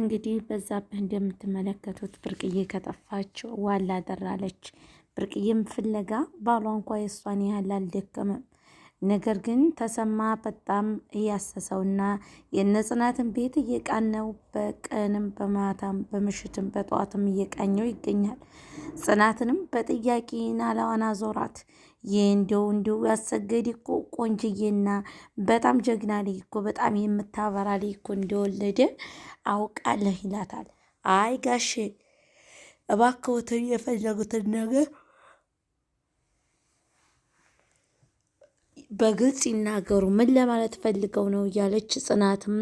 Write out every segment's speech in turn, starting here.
እንግዲህ በዛብህ እንደምትመለከቱት ብርቅዬ ከጠፋች ዋላ ደራለች። ብርቅዬም ፍለጋ ባሏ እንኳ የእሷን ያህል አልደከመም። ነገር ግን ተሰማ በጣም እያሰሰውና የነጽናትን ቤት እየቃነው በቀንም በማታም በምሽትም በጠዋትም እየቃኘው ይገኛል። ጽናትንም በጥያቄ ናላዋን ዞራት የእንዲው እንደው ያሰገድ እኮ ቆንጅዬና በጣም ጀግና ልጅ እኮ በጣም የምታበራ ልጅ እኮ እንደወለደ አውቃለህ ይላታል። አይ ጋሼ እባክዎትን የፈለጉትን ነገር በግልጽ ይናገሩ፣ ምን ለማለት ፈልገው ነው እያለች ጽናትም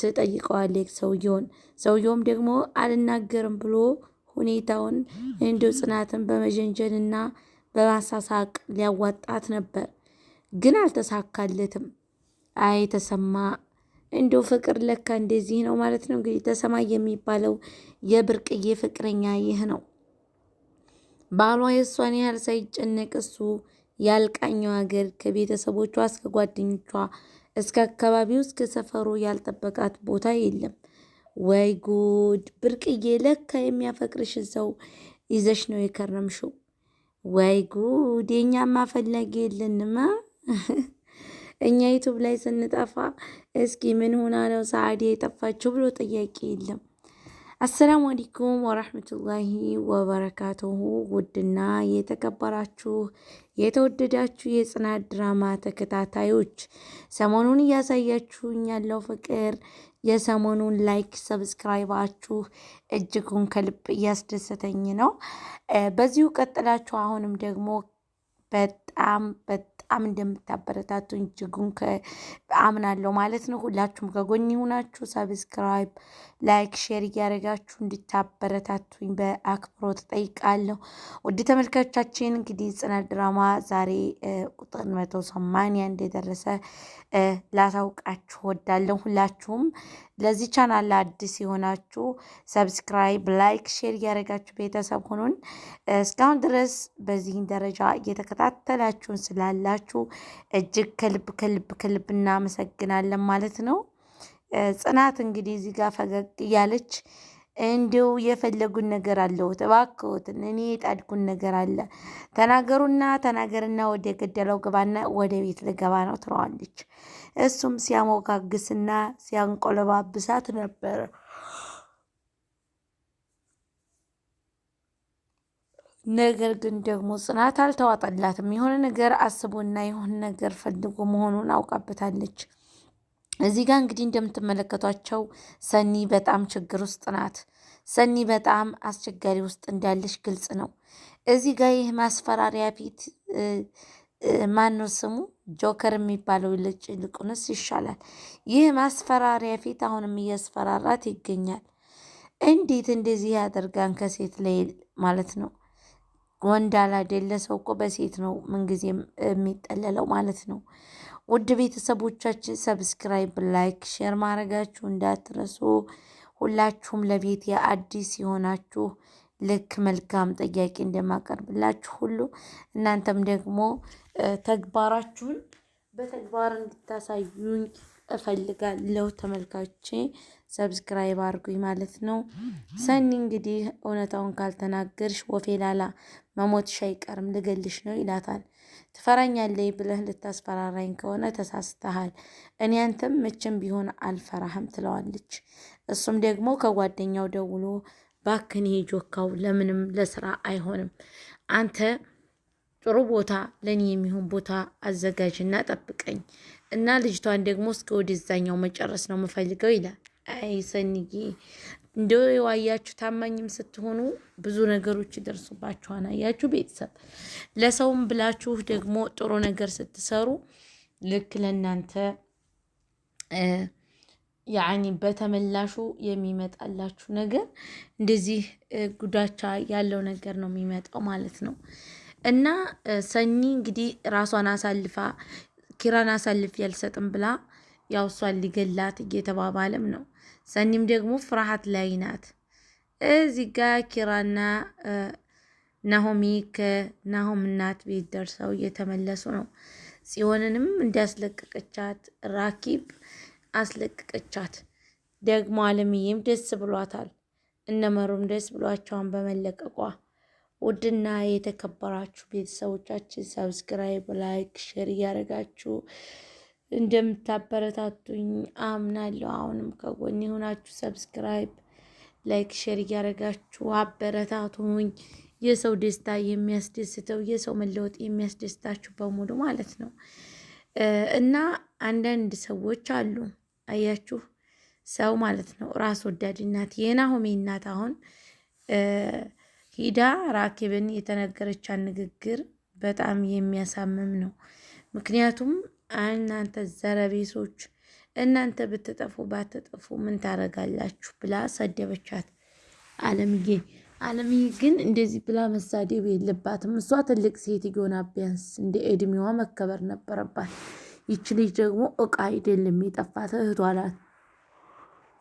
ትጠይቀዋለች ሰውየውን። ሰውየውም ደግሞ አልናገርም ብሎ ሁኔታውን እንዲሁ ጽናትን በመጀንጀንና በማሳሳቅ ሊያዋጣት ነበር፣ ግን አልተሳካለትም። አይ ተሰማ፣ እንዶ ፍቅር ለካ እንደዚህ ነው ማለት ነው። እንግዲህ ተሰማ የሚባለው የብርቅዬ ፍቅረኛ ይህ ነው። ባሏ የእሷን ያህል ሳይጨነቅ እሱ ያልቃኛው ሀገር ከቤተሰቦቿ እስከ ጓደኞቿ እስከ አካባቢው እስከ ሰፈሩ ያልጠበቃት ቦታ የለም። ወይ ጉድ! ብርቅዬ ለካ የሚያፈቅርሽን ሰው ይዘሽ ነው የከረምሽው። ወይ ጉድ! የእኛማ ፈላጊ የለንማ። እኛ ዩቱብ ላይ ስንጠፋ እስኪ ምን ሆና ነው ሰዓዲ የጠፋችው ብሎ ጥያቄ የለም። አሰላሙ አለይኩም ወራህመቱላሂ ወበረካቱሁ። ውድና የተከበራችሁ የተወደዳችሁ የጽናት ድራማ ተከታታዮች ሰሞኑን እያሳያችሁኝ ያለው ፍቅር የሰሞኑን ላይክ ሰብስክራይባችሁ እጅጉን ከልብ እያስደሰተኝ ነው። በዚሁ ቀጥላችሁ አሁንም ደግሞ በጣም በጣም እንደምታበረታቱኝ እጅጉን አምናለሁ ማለት ነው። ሁላችሁም ከጎኝ ሁናችሁ ሰብስክራይብ፣ ላይክ፣ ሼር እያደረጋችሁ እንድታበረታቱኝ በአክብሮት ጠይቃለሁ። ውድ ተመልካቾቻችን እንግዲህ ጽናት ድራማ ዛሬ ቁጥር መቶ ሰማንያ እንደደረሰ ላሳውቃችሁ ወዳለሁ ሁላችሁም ለዚህ ቻናል አዲስ የሆናችሁ ሰብስክራይብ፣ ላይክ፣ ሼር እያደረጋችሁ ቤተሰብ ሆኑን። እስካሁን ድረስ በዚህን ደረጃ እየተከታተላችሁን ስላላችሁ እጅግ ከልብ ከልብ ከልብ እናመሰግናለን ማለት ነው። ጽናት እንግዲህ እዚህ ጋር ፈገግ እያለች እንዲው የፈለጉን ነገር አለሁት እባክዎትን፣ እኔ የጣድኩን ነገር አለ ተናገሩና ተናገርና ወደ ገደለው ግባና ወደ ቤት ልገባ ነው ትለዋለች። እሱም ሲያሞጋግስና ሲያንቆለባብሳት ነበረ። ነገር ግን ደግሞ ጽናት አልተዋጠላትም። የሆነ ነገር አስቦና የሆነ ነገር ፈልጎ መሆኑን አውቃበታለች። እዚህ ጋር እንግዲህ እንደምትመለከቷቸው ሰኒ በጣም ችግር ውስጥ ናት። ሰኒ በጣም አስቸጋሪ ውስጥ እንዳለች ግልጽ ነው። እዚህ ጋር ይህ ማስፈራሪያ ፊት ማን ነው ስሙ? ጆከር የሚባለው ልጭ ልቁንስ ይሻላል። ይህ ማስፈራሪያ ፊት አሁንም እያስፈራራት ይገኛል። እንዴት እንደዚህ ያደርጋን ከሴት ላይ ማለት ነው። ወንድ አላደለ ሰው እኮ በሴት ነው ምንጊዜም የሚጠለለው ማለት ነው። ውድ ቤተሰቦቻችን ሰብስክራይብ፣ ላይክ፣ ሼር ማድረጋችሁ እንዳትረሱ። ሁላችሁም ለቤት የአዲስ የሆናችሁ ልክ መልካም ጥያቄ እንደማቀርብላችሁ ሁሉ እናንተም ደግሞ ተግባራችሁን በተግባር እንድታሳዩኝ እፈልጋለሁ። ተመልካቼ ሰብስክራይብ አድርጉኝ ማለት ነው። ሰኒ እንግዲህ እውነታውን ካልተናገርሽ ወፌላላ ላላ መሞትሽ አይቀርም ልገልሽ ነው ይላታል። ትፈራኛለህ ብለህ ልታስፈራራኝ ከሆነ ተሳስተሃል። እኔ አንተም መቼም ቢሆን አልፈራህም ትለዋለች። እሱም ደግሞ ከጓደኛው ደውሎ ባክን ይሄ ጆካው ለምንም ለስራ አይሆንም። አንተ ጥሩ ቦታ ለእኔ የሚሆን ቦታ አዘጋጅና ጠብቀኝ እና ልጅቷን ደግሞ እስከ ወደዛኛው መጨረስ ነው የምፈልገው ይላል። አይ ሰኒዬ እንደ ዋያችሁ ታማኝም ስትሆኑ ብዙ ነገሮች ይደርሱባችኋል። አያችሁ ቤተሰብ፣ ለሰውም ብላችሁ ደግሞ ጥሩ ነገር ስትሰሩ ልክ ለእናንተ ያኒ በተመላሹ የሚመጣላችሁ ነገር እንደዚህ ጉዳቻ ያለው ነገር ነው የሚመጣው ማለት ነው። እና ሰኒ እንግዲህ ራሷን አሳልፋ ኪራን አሳልፌ አልሰጥም ብላ ያው እሷን ሊገላት እየተባባለም ነው። ሰኒም ደግሞ ፍርሃት ላይ ናት። እዚህ ጋ ኪራና ናሆሚ ከናሆም እናት ቤት ደርሰው እየተመለሱ ነው። ጽዮንንም እንዲያስለቅቅቻት ራኪብ አስለቅቅቻት ደግሞ አለምዬም ደስ ብሏታል። እነመሩም ደስ ብሏቸዋን በመለቀቋ ውድና የተከበራችሁ ቤተሰቦቻችን ሰብስክራይብ፣ ላይክ፣ ሼር እያደረጋችሁ እንደምታበረታቱኝ አምናለሁ። አሁንም ከጎን የሆናችሁ ሰብስክራይብ፣ ላይክ፣ ሼር እያደረጋችሁ አበረታቱኝ። የሰው ደስታ የሚያስደስተው የሰው መለወጥ የሚያስደስታችሁ በሙሉ ማለት ነው እና አንዳንድ ሰዎች አሉ አያችሁ ሰው ማለት ነው ራስ ወዳድ እናት የናሆሜ እናት አሁን ሂዳ ራኬብን የተነገረቻት ንግግር በጣም የሚያሳምም ነው። ምክንያቱም እናንተ ዘረቤሶች፣ እናንተ ብትጠፉ ባትጠፉ ምን ታረጋላችሁ ብላ ሰደበቻት አለምዬ። አለምዬ ግን እንደዚህ ብላ መሳደብ የለባትም። እሷ ትልቅ ሴትዮ ናት። ቢያንስ እንደ እድሜዋ መከበር ነበረባት። ይች ልጅ ደግሞ እቃ አይደለም የጠፋት እህቷ ናት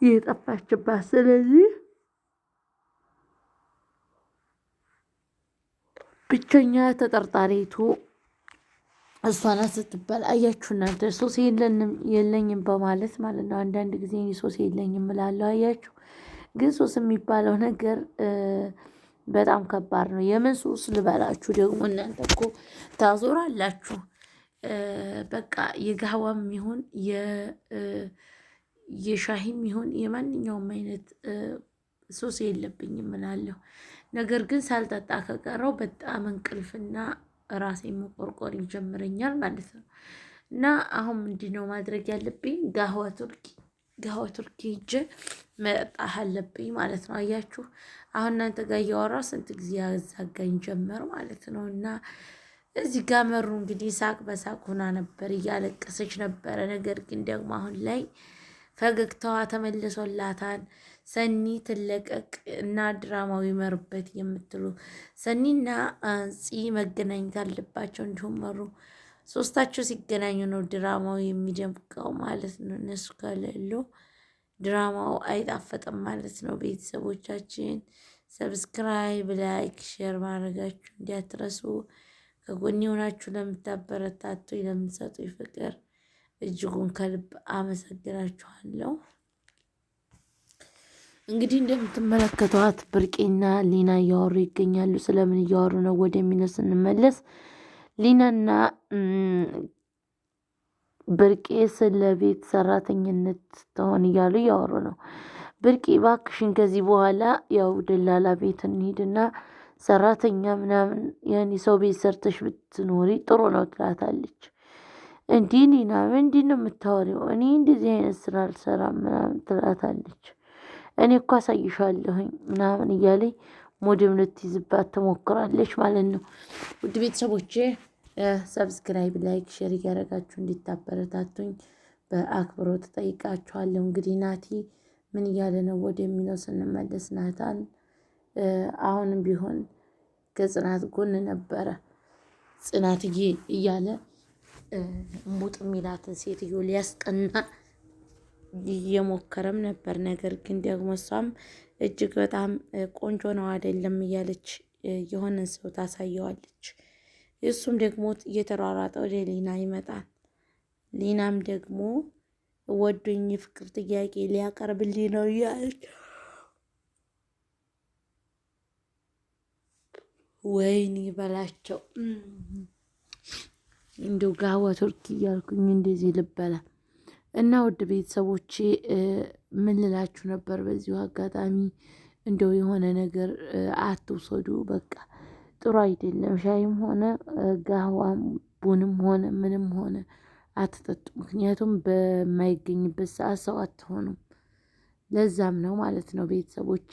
የጠፋችባት። ስለዚህ ብቸኛ ተጠርጣሪቱ እሷና ስትባል አያችሁ። እናንተ ሶስ የለኝም በማለት ማለት ነው። አንዳንድ ጊዜ ሶስ የለኝም እላለሁ። አያችሁ ግን ሶስ የሚባለው ነገር በጣም ከባድ ነው። የምን ሶስ ልበላችሁ ደግሞ እናንተ እኮ ታዞራላችሁ። በቃ የጋህዋም ይሁን የሻሂም ይሁን የማንኛውም አይነት ሶስ የለብኝም እላለሁ። ነገር ግን ሳልጠጣ ከቀረው በጣም እንቅልፍና ራሴ መቆርቆር ይጀምረኛል ማለት ነው። እና አሁን ምንድነው ማድረግ ያለብኝ? ጋህዋ ቱርኪ ጋህዋ ቱርኪ መጣህ አለብኝ ማለት ነው። አያችሁ አሁን እናንተ ጋር እያወራ ስንት ጊዜ ያዛጋኝ ጀመር ማለት ነው። እና እዚህ ጋር መሩ እንግዲህ ሳቅ በሳቅ ሆና ነበር፣ እያለቀሰች ነበረ። ነገር ግን ደግሞ አሁን ላይ ፈገግታዋ ተመልሶላታል። ሰኒ ትለቀቅ እና ድራማው ይመርበት የምትሉ ሰኒና ፂ መገናኘት አለባቸው። እንዲሁም መሩ ሶስታቸው ሲገናኙ ነው ድራማው የሚደምቀው ማለት ነው። እነሱ ከሌሉ ድራማው አይጣፈጥም ማለት ነው። ቤተሰቦቻችን ሰብስክራይብ፣ ላይክ፣ ሼር ማድረጋችሁ እንዲያትረሱ ከጎኔ የሆናችሁ ለምታበረታቱ ለምትሰጡ ፍቅር እጅጉን ከልብ አመሰግናችኋለሁ። እንግዲህ እንደምትመለከቷት ብርቄና ሊና እያወሩ ይገኛሉ። ስለምን እያወሩ ነው ወደሚለው ስንመለስ ሊናና ብርቄ ስለ ቤት ሰራተኝነት ተሆን እያሉ እያወሩ ነው። ብርቄ እባክሽን ከዚህ በኋላ ያው ደላላ ቤት እንሂድና ሰራተኛ ምናምን ያኔ ሰው ቤት ሰርተሽ ብትኖሪ ጥሩ ነው ትላታለች። እንዲህ ኒና ምንድን ነው የምታወሪው? እኔ እንደዚህ አይነት ስራ አልሰራም ምናምን ትላታለች። እኔ እኮ አሳይሻለሁኝ ምናምን እያለኝ ሞድም ልትይዝባት ትሞክራለች ማለት ነው። ውድ ቤተሰቦቼ ሰብስክራይብ፣ ላይክ፣ ሼር እያደረጋችሁ እንዲታበረታቱኝ በአክብሮት ጠይቃችኋለሁ። እንግዲህ ናቲ ምን እያለ ነው ወደሚለው ስንመለስ ናታን አሁንም ቢሆን ከጽናት ጎን ነበረ ጽናትዬ እያለ ሙጥ የሚላትን ሴትዮ ሊያስቀና እየሞከረም ነበር። ነገር ግን ደግሞ እሷም እጅግ በጣም ቆንጆ ነው አይደለም እያለች የሆነን ሰው ታሳየዋለች። እሱም ደግሞ እየተሯሯጠ ወደ ሊና ይመጣል። ሊናም ደግሞ ወዶኝ ፍቅር ጥያቄ ሊያቀርብልኝ ነው እያለች ወይኔ በላቸው እንደው ጋዋ ቱርኪ እያልኩኝ እንደዚህ ልበላ እና ውድ ቤተሰቦቼ ምን ልላችሁ ነበር? በዚሁ አጋጣሚ እንደው የሆነ ነገር አትውሰዱ። በቃ ጥሩ አይደለም። ሻይም ሆነ ጋዋም ቡንም ሆነ ምንም ሆነ አትጠጡ። ምክንያቱም በማይገኝበት ሰዓት ሰው አትሆኑም። ለዛም ነው ማለት ነው። ቤተሰቦቼ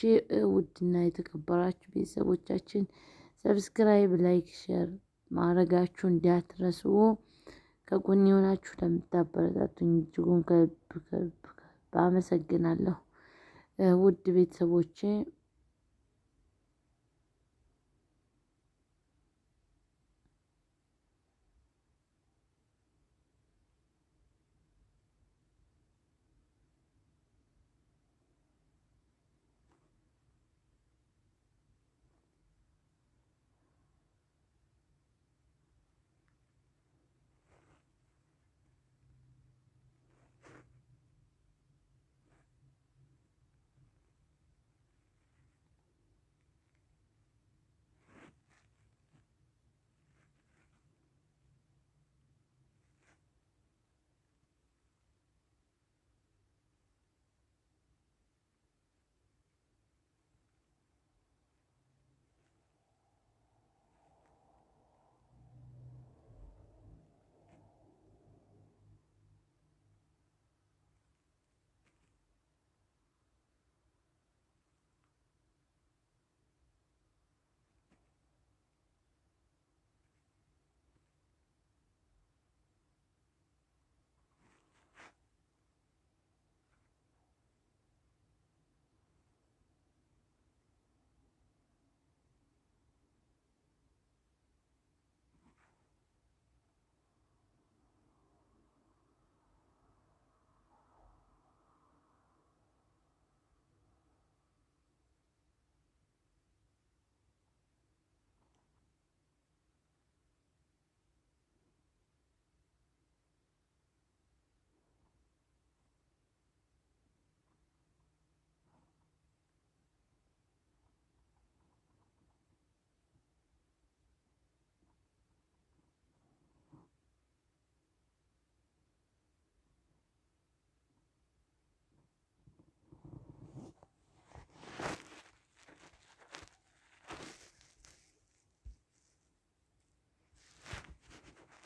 ውድና የተከበራችሁ ቤተሰቦቻችን ሰብስክራይብ፣ ላይክ፣ ሸር ማድረጋችሁ እንዳትረሱ። ከጎን የሆናችሁ ለምታበረታቱኝ እጅጉን ከልብ ከልብ አመሰግናለሁ ውድ ቤተሰቦቼ።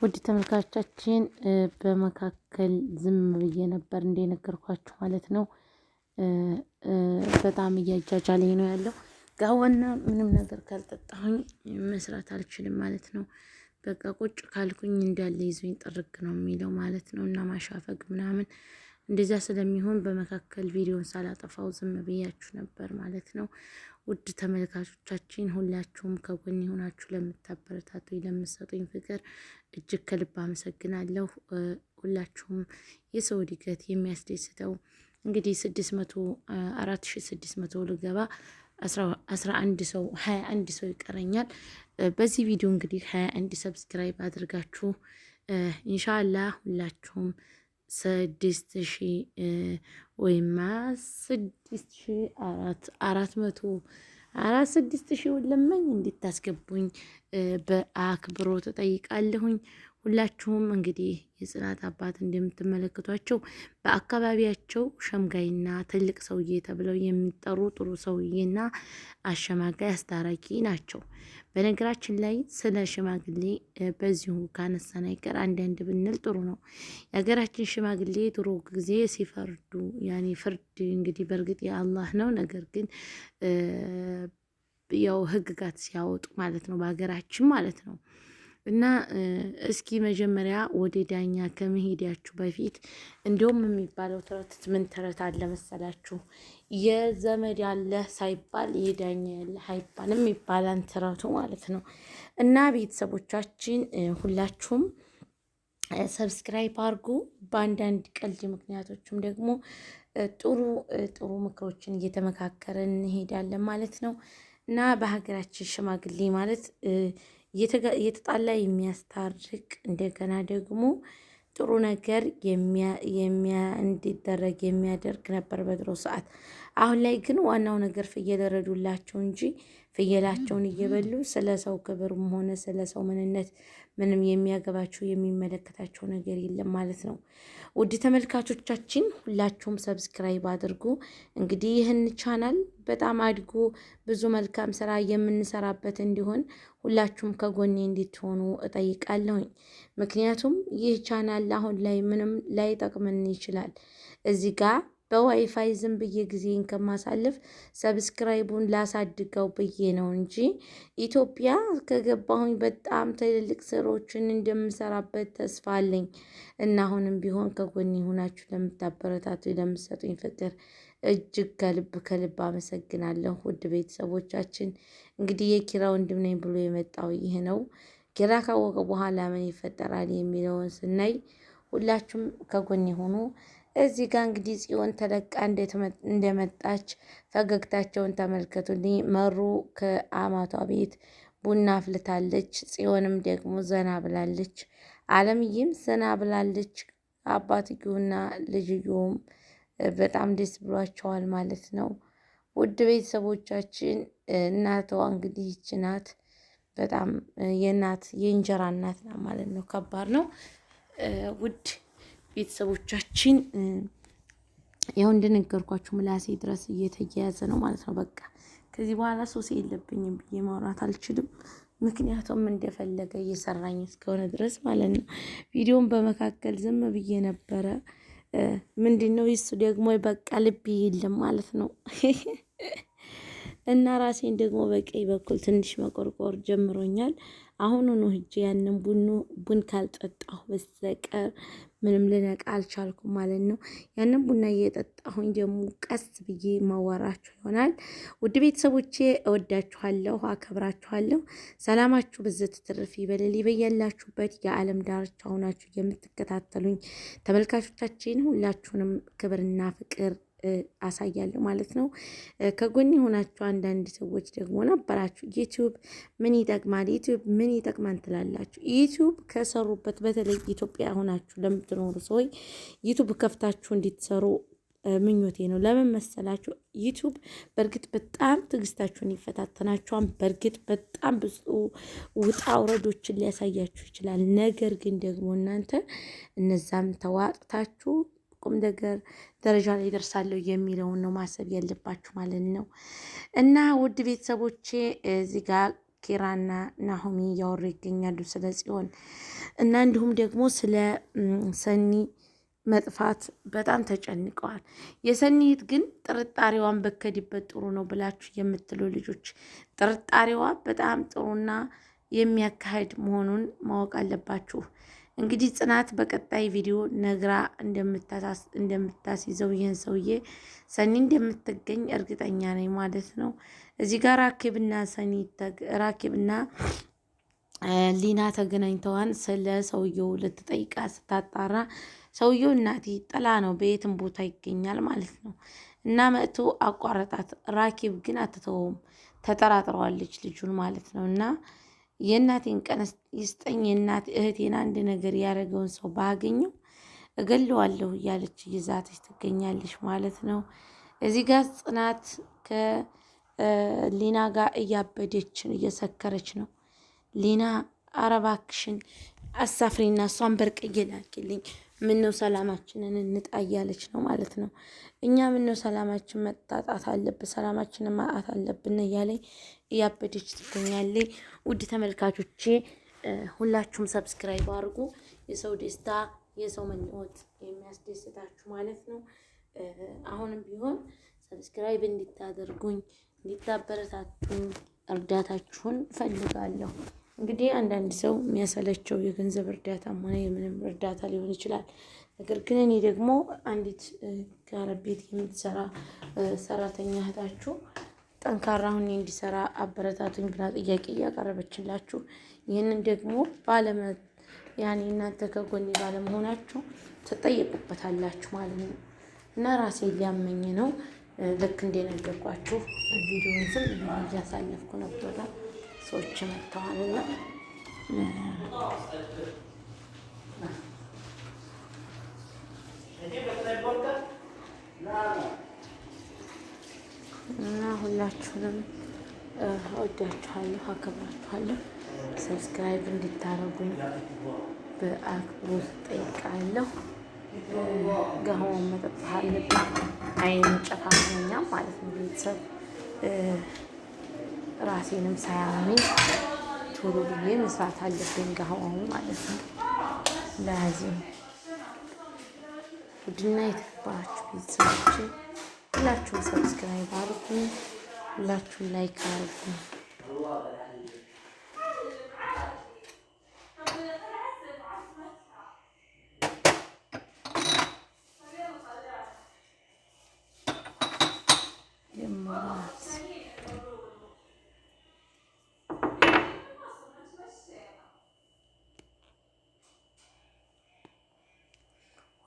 ውድ ተመልካቾቻችን በመካከል ዝም ብዬ ነበር እንደነገርኳችሁ ማለት ነው። በጣም እያጃጃለኝ ነው ያለው። ጋዋና ምንም ነገር ካልጠጣሁኝ መስራት አልችልም ማለት ነው። በቃ ቁጭ ካልኩኝ እንዳለ ይዞኝ ጥርግ ነው የሚለው ማለት ነው። እና ማሻፈግ ምናምን እንደዚያ ስለሚሆን በመካከል ቪዲዮን ሳላጠፋው ዝም ብያችሁ ነበር ማለት ነው። ውድ ተመልካቾቻችን ሁላችሁም ከጎን የሆናችሁ ለምታበረታቱኝ ለምሰጡኝ ፍቅር እጅግ ከልብ አመሰግናለሁ። ሁላችሁም የሰው እድገት የሚያስደስተው እንግዲህ ስድስት መቶ አራት ሺ ስድስት መቶ ልገባ አስራ አንድ ሰው ሀያ አንድ ሰው ይቀረኛል። በዚህ ቪዲዮ እንግዲህ ሀያ አንድ ሰብስክራይብ አድርጋችሁ ኢንሻአላህ ሁላችሁም ስድስት ሺ ወይማ ስድስት ሺ አራት አራት መቶ አራት ስድስት ሺውን ለማኝ እንድታስገቡኝ በአክብሮ ተጠይቃለሁኝ። ሁላችሁም እንግዲህ የጽናት አባት እንደምትመለከቷቸው በአካባቢያቸው ሸምጋይና ትልቅ ሰውዬ ተብለው የሚጠሩ ጥሩ ሰውዬና አሸማጋይ አስታራቂ ናቸው። በነገራችን ላይ ስለ ሽማግሌ በዚሁ ካነሳን አይቀር አንዳንድ ብንል ጥሩ ነው። የሀገራችን ሽማግሌ ድሮ ጊዜ ሲፈርዱ ያኔ ፍርድ እንግዲህ በእርግጥ የአላህ ነው። ነገር ግን ያው ህግጋት ሲያወጡ ማለት ነው በሀገራችን ማለት ነው እና እስኪ መጀመሪያ ወደ ዳኛ ከመሄዳችሁ በፊት እንዲሁም የሚባለው ተረት ምን ተረት አለ መሰላችሁ? የዘመድ ያለ ሳይባል የዳኛ ያለ አይባልም ይባላል ተረቱ ማለት ነው። እና ቤተሰቦቻችን ሁላችሁም ሰብስክራይብ አድርጉ። በአንዳንድ ቀልድ ምክንያቶችም ደግሞ ጥሩ ጥሩ ምክሮችን እየተመካከረ እንሄዳለን ማለት ነው እና በሀገራችን ሽማግሌ ማለት እየተጣላ የሚያስታርቅ እንደገና ደግሞ ጥሩ ነገር እንዲደረግ የሚያደርግ ነበር በድሮ ሰዓት። አሁን ላይ ግን ዋናው ነገር ፍየል ረዱላቸው እንጂ ፍየላቸውን እየበሉ ስለ ሰው ክብርም ሆነ ስለ ሰው ምንነት ምንም የሚያገባቸው የሚመለከታቸው ነገር የለም ማለት ነው። ውድ ተመልካቾቻችን ሁላችሁም ሰብስክራይብ አድርጉ። እንግዲህ ይህን ቻናል በጣም አድጎ ብዙ መልካም ስራ የምንሰራበት እንዲሆን ሁላችሁም ከጎኔ እንድትሆኑ እጠይቃለሁኝ። ምክንያቱም ይህ ቻናል አሁን ላይ ምንም ላይጠቅመን ይችላል እዚህ ጋር በዋይፋይ ዝም ብዬ ጊዜን ከማሳልፍ ሰብስክራይቡን ላሳድገው ብዬ ነው እንጂ ኢትዮጵያ ከገባሁኝ በጣም ትልልቅ ስራዎችን እንደምሰራበት ተስፋ አለኝ እና አሁንም ቢሆን ከጎን ሆናችሁ ለምታበረታቱ ለምሰጡኝ ፍቅር እጅግ ከልብ ከልብ አመሰግናለሁ። ውድ ቤተሰቦቻችን እንግዲህ የኪራ ወንድም ነኝ ብሎ የመጣው ይህ ነው። ኪራ ካወቀ በኋላ ምን ይፈጠራል የሚለውን ስናይ ሁላችሁም ከጎን የሆኑ እዚህ ጋር እንግዲህ ጽዮን ተለቃ እንደመጣች ፈገግታቸውን ተመልከቱልኝ። መሩ ከአማቷ ቤት ቡና አፍልታለች። ጽዮንም ደግሞ ዘና ብላለች። አለምዬም ዘና ብላለች። አባትየውና ልጅየውም በጣም ደስ ብሏቸዋል ማለት ነው። ውድ ቤተሰቦቻችን እናቷ እንግዲህ ይች ናት። በጣም የእናት የእንጀራ እናት ናት ማለት ነው። ከባድ ነው ውድ ቤተሰቦቻችን ያው እንደነገርኳችሁ ምላሴ ድረስ እየተያያዘ ነው ማለት ነው። በቃ ከዚህ በኋላ ሱስ የለብኝም ብዬ ማውራት አልችልም። ምክንያቱም እንደፈለገ እየሰራኝ እስከሆነ ድረስ ማለት ነው። ቪዲዮን በመካከል ዝም ብዬ ነበረ። ምንድን ነው ይሱ ደግሞ በቃ ልብ የለም ማለት ነው። እና ራሴን ደግሞ በቀኝ በኩል ትንሽ መቆርቆር ጀምሮኛል። አሁኑኑ ሂጄ ያንን ቡኑ ቡን ካልጠጣሁ በስተቀር ምንም ልነቃ አልቻልኩም ማለት ነው። ያንን ቡና እየጠጣሁኝ ደግሞ ቀስ ብዬ ማዋራችሁ ይሆናል። ውድ ቤተሰቦቼ እወዳችኋለሁ፣ አከብራችኋለሁ። ሰላማችሁ ብዝት ትርፍ ይበልል። በያላችሁበት የዓለም ዳርቻ ሆናችሁ የምትከታተሉኝ ተመልካቾቻችን ሁላችሁንም ክብርና ፍቅር አሳያለሁ ማለት ነው። ከጎን የሆናችሁ አንዳንድ ሰዎች ደግሞ ነበራችሁ ዩቱብ ምን ይጠቅማል ዩቱብ ምን ይጠቅማል ትላላችሁ። ዩቱብ ከሰሩበት በተለይ ኢትዮጵያ ሆናችሁ ለምትኖሩ ሰዎች ዩቱብ ከፍታችሁ እንድትሰሩ ምኞቴ ነው። ለምን መሰላችሁ? ዩቱብ በእርግጥ በጣም ትዕግስታችሁን ይፈታተናችኋል። በእርግጥ በጣም ብዙ ውጣ ውረዶችን ሊያሳያችሁ ይችላል። ነገር ግን ደግሞ እናንተ እነዛም ተዋጥታችሁ ቁም ነገር ደረጃ ላይ ደርሳለሁ የሚለውን ነው ማሰብ ያለባችሁ ማለት ነው። እና ውድ ቤተሰቦቼ እዚህ ጋር ኪራና ናሆሚ እያወሩ ይገኛሉ ስለ ጽዮን እና እንዲሁም ደግሞ ስለ ሰኒ መጥፋት በጣም ተጨንቀዋል። የሰኒ ግን ጥርጣሬዋን በከድበት ጥሩ ነው ብላችሁ የምትሉ ልጆች ጥርጣሬዋ በጣም ጥሩና የሚያካሂድ መሆኑን ማወቅ አለባችሁ። እንግዲህ ጽናት በቀጣይ ቪዲዮ ነግራ እንደምታስይዘው ይህን ሰውዬ ሰኒ እንደምትገኝ እርግጠኛ ነኝ ማለት ነው። እዚህ ጋር ራኬብና ሰኒ ራኬብና ሊና ተገናኝተዋን ስለ ሰውየው ልትጠይቃ ስታጣራ ሰውየው እናቴ ጥላ ነው በየትም ቦታ ይገኛል ማለት ነው። እና መጥቶ አቋረጣት። ራኬብ ግን አትተወውም፣ ተጠራጥረዋለች ልጁን ማለት ነው እና የእናቴን ቀን ይስጠኝ፣ የእናት እህቴን አንድ ነገር ያደረገውን ሰው ባገኘው እገለዋለሁ እያለች ይዛተች ትገኛለች ማለት ነው። እዚህ ጋር ጽናት ከሊና ጋር እያበደች እየሰከረች ነው። ሊና አረባክሽን አሳፍሪና እሷን በርቅ እየላክልኝ ምነው ሰላማችንን እንጣያለች ነው ማለት ነው። እኛ ምነው ሰላማችን መጣጣት አለብን፣ ሰላማችንን ማጣት አለብን እያለኝ እያበደች ትገኛለች። ውድ ተመልካቾቼ ሁላችሁም ሰብስክራይብ አድርጉ። የሰው ደስታ የሰው መለወጥ የሚያስደስታችሁ ማለት ነው። አሁንም ቢሆን ሰብስክራይብ እንድታደርጉኝ እንድታበረታቱኝ እርዳታችሁን እፈልጋለሁ። እንግዲህ አንዳንድ ሰው የሚያሰለቸው የገንዘብ እርዳታ ሆነ የምንም እርዳታ ሊሆን ይችላል። ነገር ግን እኔ ደግሞ አንዲት ጋር ቤት የምትሰራ ሰራተኛ እህታችሁ ጠንካራ ሁኔ እንዲሰራ አበረታቱኝ ብላ ጥያቄ እያቀረበችላችሁ ይህንን ደግሞ ባለመ ያኔ እናንተ ከጎኔ ባለመሆናችሁ ትጠየቁበታላችሁ ማለት ነው እና ራሴ ሊያመኝ ነው ልክ እንደነገርኳችሁ ቪዲዮን ዝም እያሳለፍኩ ነበረ። ሰዎች መጥተዋልና እና ሁላችሁንም እወዳችኋለሁ፣ አከብራችኋለሁ። ሰብስክራይብ እንድታደርጉኝ በአክብሮት ጠይቃለሁ። ገሆን መጠጣት አለብን። አይን ጨፋመኛ ማለት ነው ቤተሰብ ራሴንም ሳያመኝ ቶሎ ብዬ መስራት አለብኝ ጋሁ ማለት ነው። ለዚህ ቡድና የተከበራችሁ ቤተሰቦች ሁላችሁም ሰብስክራይብ አድርጉ፣ ሁላችሁም ላይክ አድርጉ።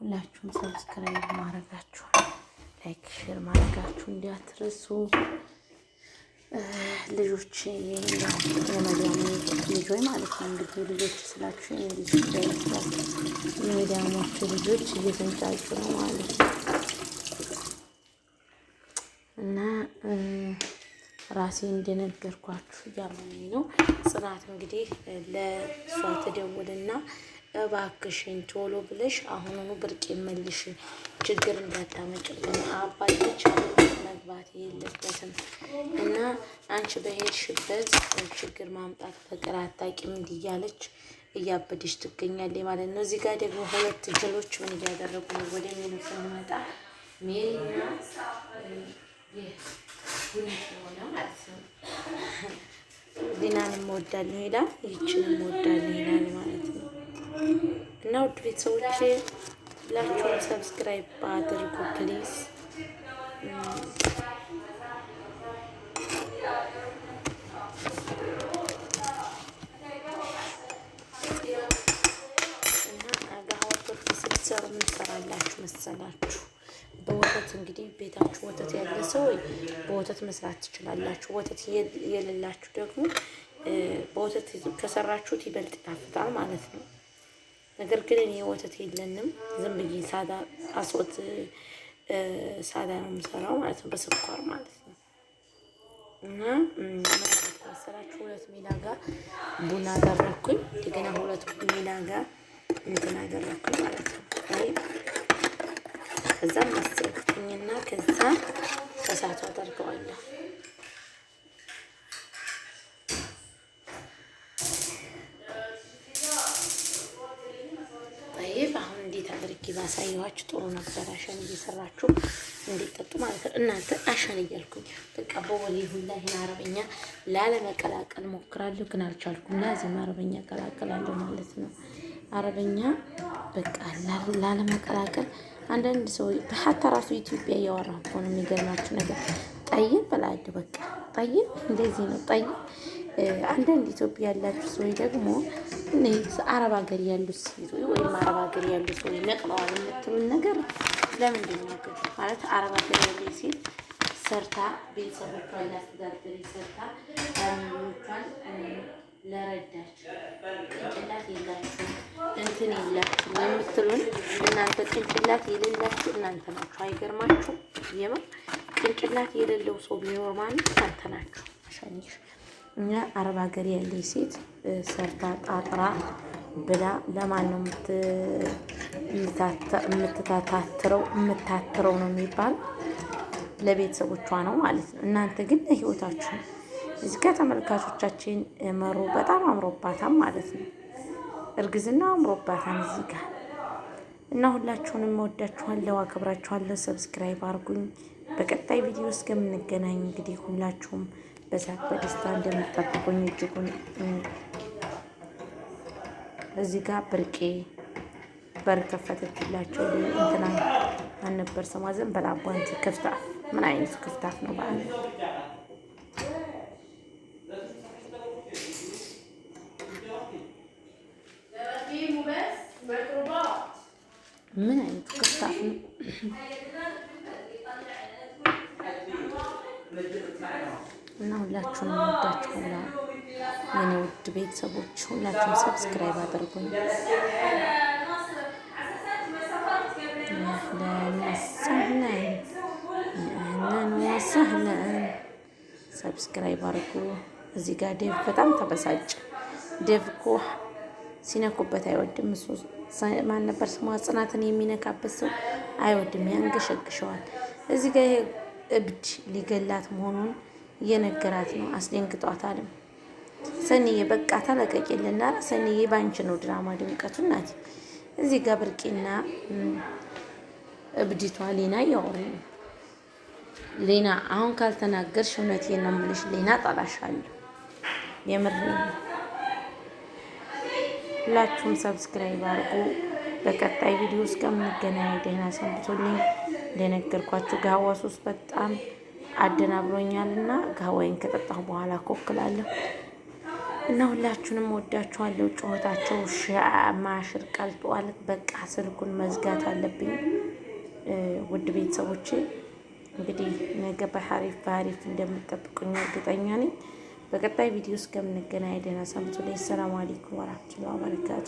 ሁላችሁም ሰብስክራይብ ማድረጋችሁ ላይክ ሼር ማድረጋችሁ እንዲያትርሱ ልጆች የመዳሙ ልጆች ማለት ነው እንግዲህ ልጆች ስላችሁ የመዳሞቹ ልጆች እየተንጫጩ ነው ማለት ነው እና ራሴ እንደነገርኳችሁ እያመመኝ ነው። ጽናት እንግዲህ ለእሷ ትደውልና እባክሽን ቶሎ ብለሽ አሁኑኑ ብርቅ መልሽ፣ ችግር እንዳታመጭብን። አባቶች መግባት የለበትም እና አንቺ በሄድሽበት ችግር ማምጣት ፍቅር አታቂም እንዲያለች እያበደች ትገኛለች ማለት ነው። እዚህ ጋር ደግሞ ሁለት ጀሎች ምን እያደረጉ ነው ወደሚለው ስንመጣ ሜሪና ሆነ ማለት ነው። ዲናን እወዳለሁ ይላል፣ ይችን እወዳለሁ ይላል ማለት ነው። እና ውድ ቤተሰቦች ሁላችሁም ሰብስክራይብ አድርጉ ፕሊዝ። ሰሩ ምን ትሰራላችሁ መሰላችሁ? በወተት እንግዲህ ቤታችሁ ወተት ያለ ሰው በወተት መስራት ትችላላችሁ። ወተት የሌላችሁ ደግሞ በወተት ከሰራችሁት ይበልጥ ይጣፍጣል ማለት ነው። ነገር ግን እኔ ወተት የለንም። ዝም ብዬ ሳዳ አስወት ሳዳ ነው የምሰራው ማለት ነው፣ በስኳር ማለት ነው። እና መሰላችሁ ሁለት ሜላ ጋር ቡና አደረኩኝ። እንደገና ሁለት ሜላ ጋር እንትን አደረኩኝ ማለት ነው። ከዛም ማስጠቅኝና ከዛ ከሳቱ አደርገዋለሁ ባሳየኋችሁ ጥሩ ነበር። አሸን እየሰራችሁ እንዲጠጡ ማለት ነው። እናንተ አሸን እያልኩኝ በቃ በወሌ ሁላ ይህን አረበኛ ላለመቀላቀል ሞክራለሁ፣ ግን አልቻልኩም። ላዚም አረበኛ ቀላቀላለሁ ማለት ነው። አረበኛ በቃ ላለመቀላቀል አንዳንድ ሰው በሀታ ራሱ ኢትዮጵያ እያወራ እኮ ነው። የሚገርማችሁ ነገር ጠይብ በላድ በቃ ጠይብ እንደዚህ ነው ጠይብ አንዳንድ ኢትዮጵያ ያላችሁ ሰዎች ደግሞ አረብ ሀገር ያሉ ሲሉ ወይም አረብ ሀገር ያሉ ሰዎች ነቅለዋል የምትሉን ነገር ለምንድን ነው ግን? ማለት አረብ ሀገር ያለ ሴት ሰርታ ቤተሰቦቿን ያስተዳደር ሰርታ ሚዎቿን ለረዳች ቅንጭላት የላችሁ እንትን የላችሁ የምትሉን እናንተ ቅንጭላት የሌላችሁ እናንተ ናችሁ። አይገርማችሁ? የማ ቅንጭላት የሌለው ሰው ቢኖር ማለት እናንተ ናችሁ። እኛ አረብ ሀገር ያለች ሴት ሰርታ ጣጥራ ብላ ለማን ነው የምትታታትረው? የምታትረው ነው የሚባል ለቤተሰቦቿ ነው ማለት ነው። እናንተ ግን ህይወታችሁ እዚህ ጋር ተመልካቾቻችን መሩ በጣም አምሮባታም ማለት ነው። እርግዝና አምሮባታም እዚህ ጋር እና ሁላችሁንም እወዳችኋለሁ፣ አክብራችኋለሁ። ሰብስክራይብ አርጉኝ። በቀጣይ ቪዲዮ እስከምንገናኝ እንግዲህ ሁላችሁም በሳቅ በደስታ እንደምጠብቁኝ እጅጉን እዚህ ጋር ብርቄ በር ከፈተችላቸው። እንትና አልነበር ስሟ ዘንበል አቧንቲ ክፍታፍ። ምን አይነት ክፍታፍ ነው? በዓል ምን አይነቱ ክፍታፍ ነው? እና ሁላችሁን ወዳችሁ የኔ ውድ ቤተሰቦች ሁላችሁን ሰብስክራይብ አድርጉኝ። አህለን ወሰህለን ሰብስክራይብ አድርጉ። እዚህ ጋር ዴቭ በጣም ተበሳጭ። ዴቭ እኮ ሲነኩበት አይወድም እሱ ማን ነበር ስሟ ጽናትን የሚነካበት ሰው አይወድም፣ ያንገሸግሸዋል። እዚህ ጋር ይሄ እብድ ሊገላት መሆኑን እየነገራት ነው። አስደንግጧታልም። ሰኒዬ በቃ ተለቀቂልና ሰኒዬ ባንቺ ነው ድራማ ድምቀቱ ናት። እዚህ ጋር ብርቂና እብድቷ ሌና እያወሩ ነው። ሌና አሁን ካልተናገርሽ እውነቴን ነው የምልሽ ሌና ጠላሻለሁ። የምር ሁላችሁም ሰብስክራይብ አድርጉ። በቀጣይ ቪዲዮ እስከምንገናኝ ደህና ሰንብቶልኝ። እንደነገርኳችሁ ጋዋስ በጣም አደናብሮኛል እና ከወይን ከጠጣሁ በኋላ ኮክላለሁ እና ሁላችሁንም ወዳችኋለሁ። ጩኸታቸው ማሽር ቀልጧል። በቃ ስልኩን መዝጋት አለብኝ። ውድ ቤተሰቦቼ እንግዲህ ነገ በሀሪፍ በሀሪፍ እንደምጠብቁኝ እርግጠኛ ነኝ። በቀጣይ ቪዲዮ እስከምንገናኝ ደህና ሰንብቱ። ሰላም አለይኩም ወራህመቱላሂ ወበረካቱ።